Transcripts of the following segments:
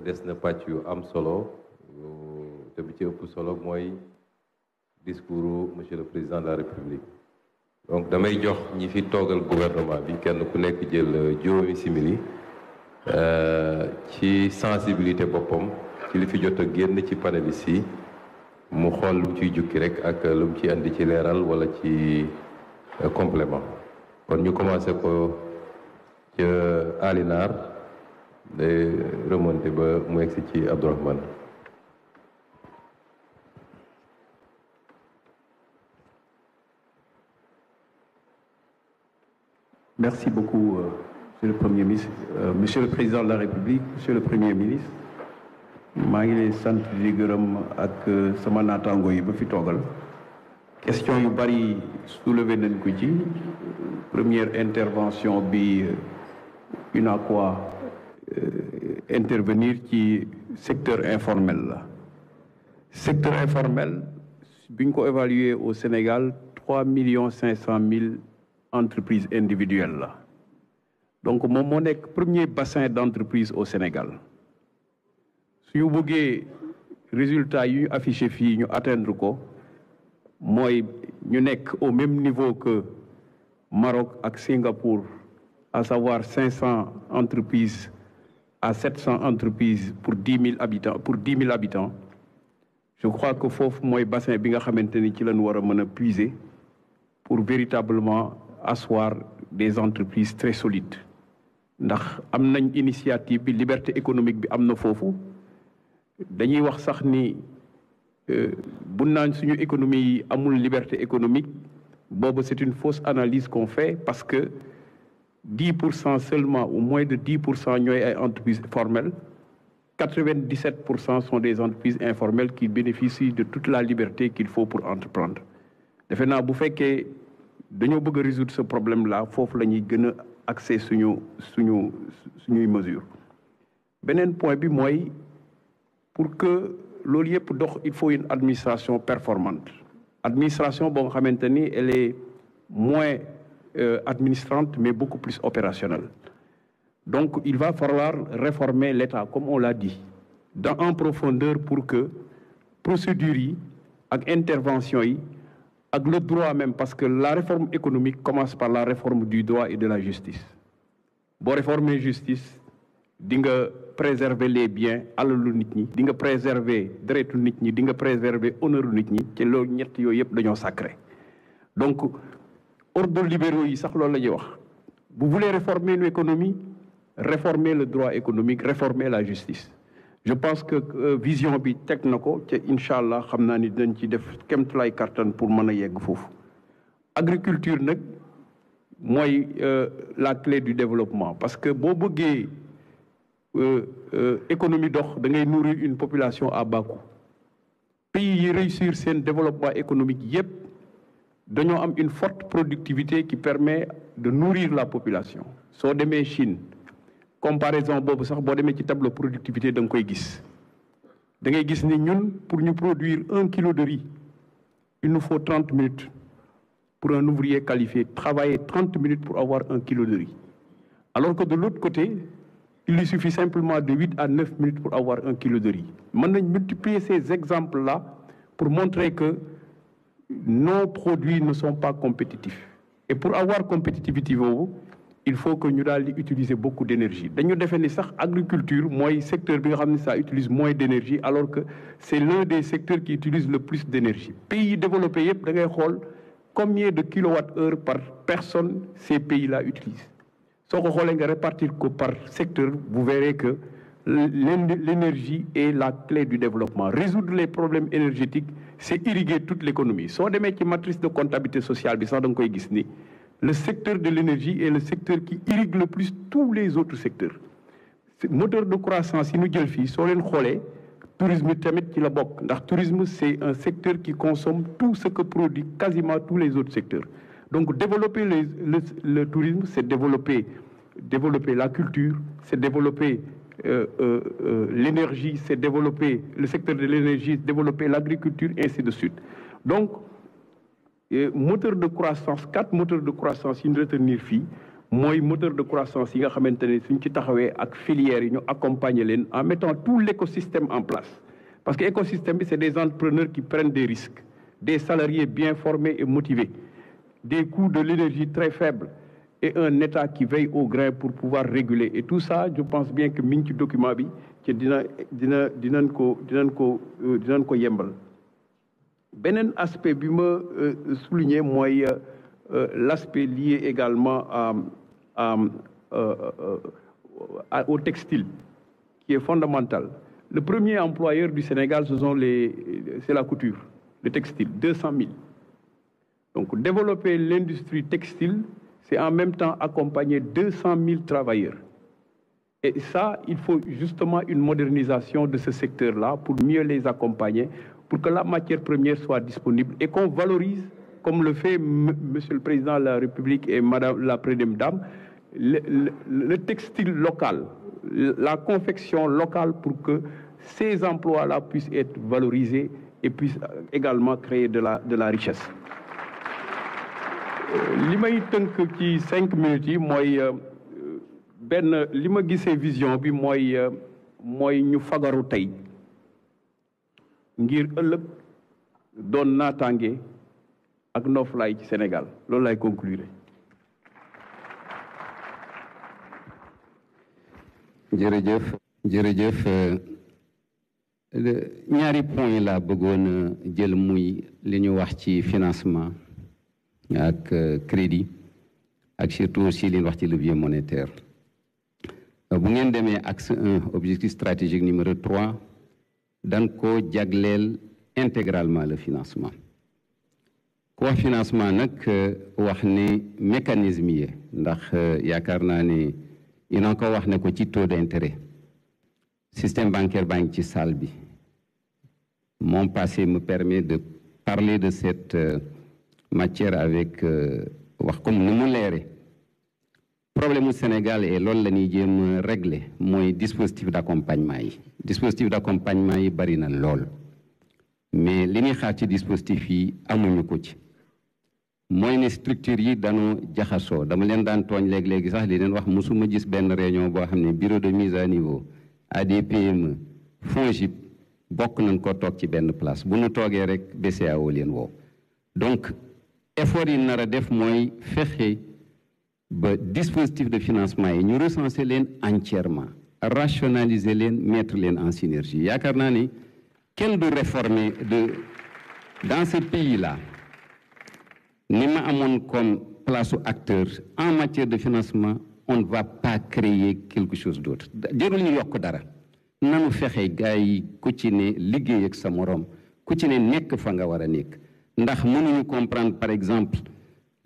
te des na pàcc yu am solo te bi ci ëpp solo mooy discours monsieur le président de la république donc damay jox ñi fi toogal gouvernement bi kenn ku nekk jël euh, juróomi simili euh, ci sensibilité boppam ci li fi jot a génn ci panélistes yi mu xool lu mu ciy jukki rek ak lu mu ci andi ci leeral wala ci euh, complément kon ñu commencé ko ca Alinaar day remonté ba mu egsi ci Abdourahmane Merci beaucoup, euh, Monsieur le Premier ministre, euh, Monsieur le Président de la République, Monsieur le Premier ministre maa ngi lay sant di gërëm ak euh, sama naataango yi ba fi toogal question yu bari soulevé nañ ko ci première intervention bi euh, UNACOIS Euh, intervenir ci secteur informel la secteur informel bi ñu ko évaluer au Sénégal trois millions cinq cent mille entreprises individuelles la donc moom moo nekk premier bassin d'entreprise au Sénégal su ñu bëggee résultat yu ñu affiché fii ñu atteindre ko mooy ñu nekk au même niveau que Maroc ak Singapour à savoir cinq cent entreprises à 700 entreprises pour 10 000 habitants pour 10 000 habitants je crois que foofu mooy bassin bi nga xamante ni ci lañ war a mën a puiser pour véritablement asseoir des entreprises très solides ndax am nañ initiative bi liberté économique bi am na foofu dañuy wax sax ni euh, bu naan suñu économie amul liberté économique boobu c'est une fausse analyse qu'on fait parce que dix pour cent seulement ou moins de dix pour cent ñooy ay entreprises formelles quatre-vingt-dix-sept pour cent sont des entreprises informelles qui bénéficie de toute la liberté qu'il faut pour entreprendre defe naa bu fekkee dañoo bëgg a résoudre ce problème là foofu la ñuy gën a accès suñu suñu suñuy mesure beneen point bi mooy pour que loolu yëpp dox il faut une administration performante administration boo xamante ni elle est moins euh, administrante, mais beaucoup plus opérationnelle. Donc, il va falloir réformer l'État, comme on l'a dit, dans, en profondeur pour que procédure avec intervention ak le droit même, parce que la réforme économique commence par la réforme du droit et de la justice. boo réformer justice di nga préserver les biens alalu nit ñi di nga préserver deretu nit ñi di nga préserver honneuru nit ñi ci loolu ñett yooyu yëpp dañoo sacré donc ordre libéraux yi sax loolu la ñuy wax vous voulez réformer l'économie réformer le droit économique réformer la justice je pense que euh, vision bi teg na ko te incha allah xam naa ni dinañ ci def kemtulaay kartan pour mën a yegg foofu agriculture nag mooy euh, la clé du développement parce que boo bëggee euh, économie dox da ngay nourrir une population à bas coût pays yi réussir seen développement économique yépp dañoo am une forte productivité qui permet de nourrir la population soo demee Chine comparaison boobu sax boo demee ci tableau productivité da nga koy gis da ngay gis ni ñun pour ñu produire un kilo de riz il nous faut trente minutes pour un ouvrier qualifié travailler trente minutes pour avoir un kilo de riz alors que de l'autre côté il lui suffit simplement de huit à neuf minutes pour avoir un kilo de riz mën nañ multiplier ces exemples la pour montrer que nos produits ne sont pas compétitifs et pour avoir compétitivité boobu il faut que ñu daal di utiliser beaucoup d' énergie dañu defee ni sax agriculture mooy secteur bi nga xam ne sax utilise moins d' alors que c' est l'un des secteurs qui utilise le plus d' énergie pays développés yëpp da ngay xool combien de kilowatt heure par personne ces pays là utilisent soo ko xoolee nga répartir ko par secteur vous verrez que l'énergie est la clé du développement résoudre les problèmes énergétiques c'est irriguer toute l'économie soo demee ci matrice de comptabilité sociale bi sax da nga koy gis ni le secteur de l'énergie est le secteur qui irrigue le plus tous les autres secteurs moteur de croissance yi nu jël fii soo leen xoolee tourisme tamit ci la bokk ndax tourisme c'est un secteur qui consomme tout ce que produit quasiment tous les autres secteurs donc développer le le, le tourisme c'est développer développer la culture c'est développer Euh, euh, euh, l'énergie s'est développée, le secteur de l'énergie s'est développé, l'agriculture, ainsi de suite. Donc, euh, moteur de croissance quatre moteurs de croissance yi ñu retenir fii mooy moteur de croissance yi nga xamante ne suñ ci taxawee ak filières yi ñu accompagner leen en mettant tout l'écosystème en place parce que écosystème bi c'est des entrepreneurs qui prennent des risques des salariés bien formés et motivés des coûts de l'énergie très faibles et un État qui veille au grain pour pouvoir réguler et tout ça je pense bien que mi ngi ci document bi ci dina dina dinañ ko dinañ ko euh, dinañ ko yembal beneen aspect bi ma euh, souligner mooy euh, l'aspect lié également à, à, à au textile qui est fondamental le premier employeur du Sénégal ce les c'est la couture le textile deux cent mille donc développer l'industrie textile c'est en même temps accompagner 200 000 travailleurs. Et ça, il faut justement une modernisation de ce secteur-là pour mieux les accompagner, pour que la matière première soit disponible et qu'on valorise, comme le fait M. Monsieur le Président de la République et Madame la Prédème Dame, le, le, le, textile local, la confection locale pour que ces emplois-là puissent être valorisés et puissent également créer de la, de la richesse. li may tënk ci cinq minutes yi mooy euh, benn lima ma gisee vision bi mooy euh, mooy ñu fagaru tey ngir ëllëg doon naataange ak noflaay ci Sénégal loolu lay conclure jërëjëf jërëjëf euh, ñaari point laa bëggoon a jël muy li ñu wax ci financement ak euh, crédit ak surtout aussi li ñu wax ci levier monétaire euh, bu ngeen demee axe un objectif stratégique numéro trois dan ko jagleel intégralement le financement ku wax financement nag euh, wax ne mécanisme yi ndax yaakaar naa ne ina ko wax ne ko ci taux d'intérêt système bancaire baa ngi ci salle bi moom passé mu permet de parler de cette matière avec euh, wax comme ni mu leere problème mu Sénégal et loolu la ñuy jéem régler mooy dispositif d'accompagnement yi dispositif d'accompagnement yi bari na lool mais li ñuy xaar ci dispositif yi amuñu ko ci mooy ne structure yi dañoo jaxasoo dama leen daan tooñ léegi-léegi sax li leen wax musuma gis benn réunion boo xam ne bureau de mise à niveau ADPME FONGIP bokk nañ ko toog ci benn place bu ñu toogee rek BCEAO leen woo donc effort yi nar a def mooy fexe ba dispositif de financement yi ñu recenser leen entièrement rationaliser leen mettre leen en synergie yaakaar naa ni kenn du réformer de dans ce pays la ni ma amoon comme place u acteur en matière de financement on ne va pas créer quelque chose d' autre jërul ñu yokk dara nanu fexe gars yi ku ci ne liggéey ak sa morom ku ci ne nekk fa nga war a nekk ndax mënuñu comprendre par exemple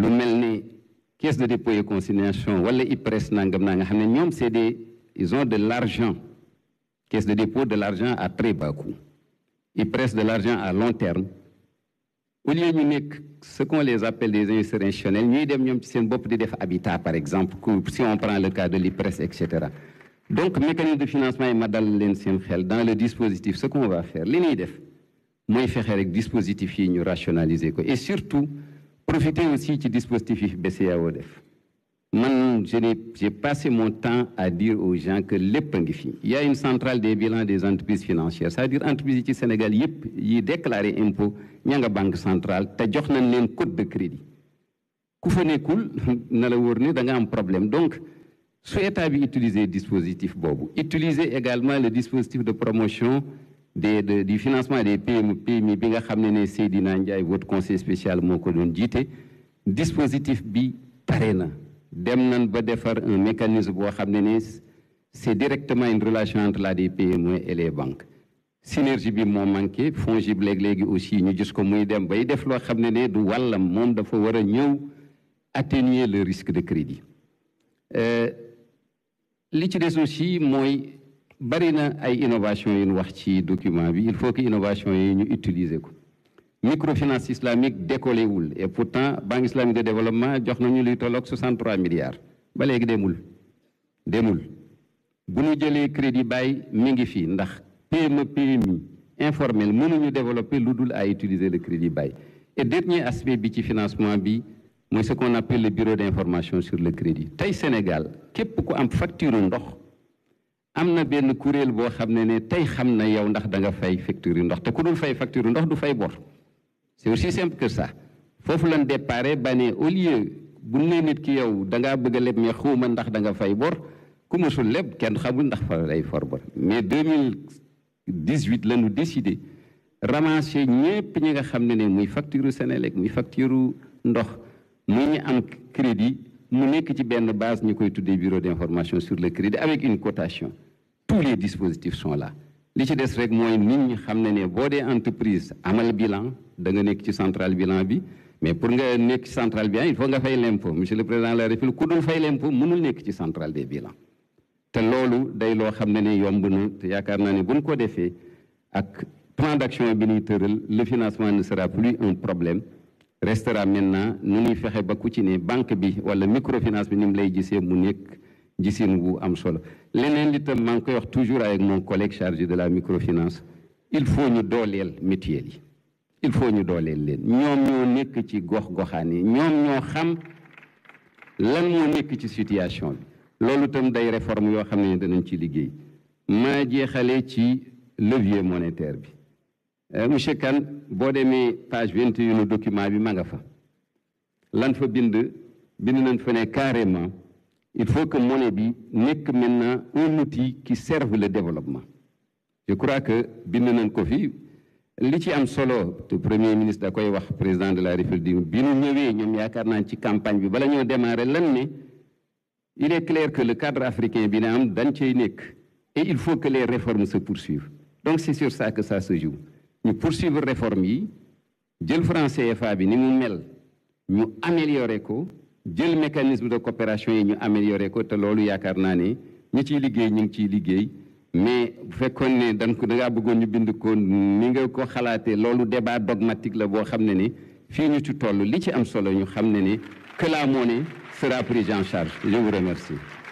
lu mel ni caisse de dépôt et consignation wala IPRES nangam naa nga xam ne ñoom c'est des ils ont de l'argent caisse de dépôt de l'argent à très bas coût IPRES de l'argent à long terme au lieu ñu nekk ce qu'on les appelle des investisseurs ñuy dem ñoom ci seen bopp di def habitat par exemple si on prend le cas de l'IPRES et cetera donc mécanisme de financement yi ma dal leen seen xel dans le dispositif ce qu'on li ñuy def mooy fexe rek dispositif yi ñu rationaliser ko et surtout profiter aussi ci dispositif yi BCEAO def man je j'ai passé mon temps à dire au gens que lépp a ngi fi il y a une centrale des bilans des entreprises financières c'est-à-dire entreprises yi ci Sénégal yëpp yi déclaré impôt ña nga banque centrale te jox nañ leen code de crédit ku fa nekkul na la wóor ne da nga am problème donc su état bi utiliser dispositif boobu utiliser également le dispositif de promotion des de du financement des PME bi nga xam ne ne Seydina Ndiaye votre conseil spécial moo ko doon jiite dispositif bi pare na dem nan ba defar un mécanisme boo xam ne ne c'est directement une relation entre la des PME et les banque synergie bi moo manqué FONGIP léegi-léegi aussi ñu gis ko muy dem bay def loo xam ne ne du wàllam moom dafa war a ñëw atténuer le risque de crédit euh, li des aussi mooy bari na ay innovation yu nu wax ci document bi il faut que innovation yi ñu utiliser ko microfinance islamique décollé wul pour pourtant banque islamique de développement jox nañu luy tolloog 63 milliards ba léegi demul demul bu ñu jëlee crédit bàyyi mi ngi fii ndax PME PMI informel mënuñu développer lu dul à utiliser le crédit bail et dernier aspect bi ci financement bi mooy ce qu'on appelle le bureau d'information sur le crédit tey Sénégal képp ko am facture ndox am na benn kuréel boo xam ne ne tey xam na yow ndax da nga fay facture yu ndox te ku dul fay facture yu ndox du fay bor c'est aussi simple que sax foofu lan dépare ba ne au lieu bu ne nit ki yow da ngaa bëgg a leb mais xawma ndax da nga fay bor ku mësul leb kenn xamul ndax fa lay for bor mais 2018 la ñu décidé ramasser ñépp ñi nga xam ne ne muy facture Senelec muy facture ndox mu ñu am crédit mu nekk ci benn base ñu koy tuddee bureau d'information sur le crédit avec une cotation tous les dispositifs sont là li ci des rek mooy nit xam ne ne boo dee entreprise amal bilan da nga nekk ci central bilan bi mais pour nga nekk central bi il faut nga fay l'impôt monsieur le président de la république ku dul fay l'impôt mënul nekk ci central des bilans te loolu day loo xam ne ne yomb na te yaakaar naa ne bu buñ ko defee ak plan d'action bi ñuy tëral le financement ne sera plus un problème restera maintenant nu ñuy fexe ba ku ci ne banque bi wala microfinance bi ni lay gisee mu nekk gisin wu am solo leneen li tam maa ngi koy wax toujours avec mon collègue chargé de la microfinance il faut ñu dooleel mutuelle yi il faut ñu dooleel leen ñoom ñoo nekk ci gox goxaan yi ñoom ñoo xam lan moo nekk ci situation loolu itam day réforme yoo xam ne danañ ci liggéey maa jeexale ci levier monétaire bi euh, monsieur Kane boo demee page vingt et document bi ma nga fa lan fa bind bind nañ fa ne carrément il faut que monnaie bi nekk na un outil qui serve le développement je crois que bind nañ ko fi li ci am solo te premier ministre da koy wax président de la république bi nu ñëwee ñoom yaakaar naa ci campagne bi bala ñoo démarrer lan ne il est clair que le cadre africain bi na am dañ cee nekk et il faut que les réformes se poursuivent donc c'est sur ça que ça se joue ñu poursuivre réformes yi jël franc CFA bi ni mu mel ñu améliorer ko jël mécanisme de coopération yi ñu amélioré ko te loolu yaakaar naa ne ñi ciy liggéey ñu ngi ciy liggéey mais bu fekkoon ne dañ ko da bëggoon ñu bind ko ni nga ko xalaatee loolu débat dogmatique la boo xam ne ni fii ñu ci toll li ci am solo ñu xam ne ni que moo ne sera prise en charge je remercie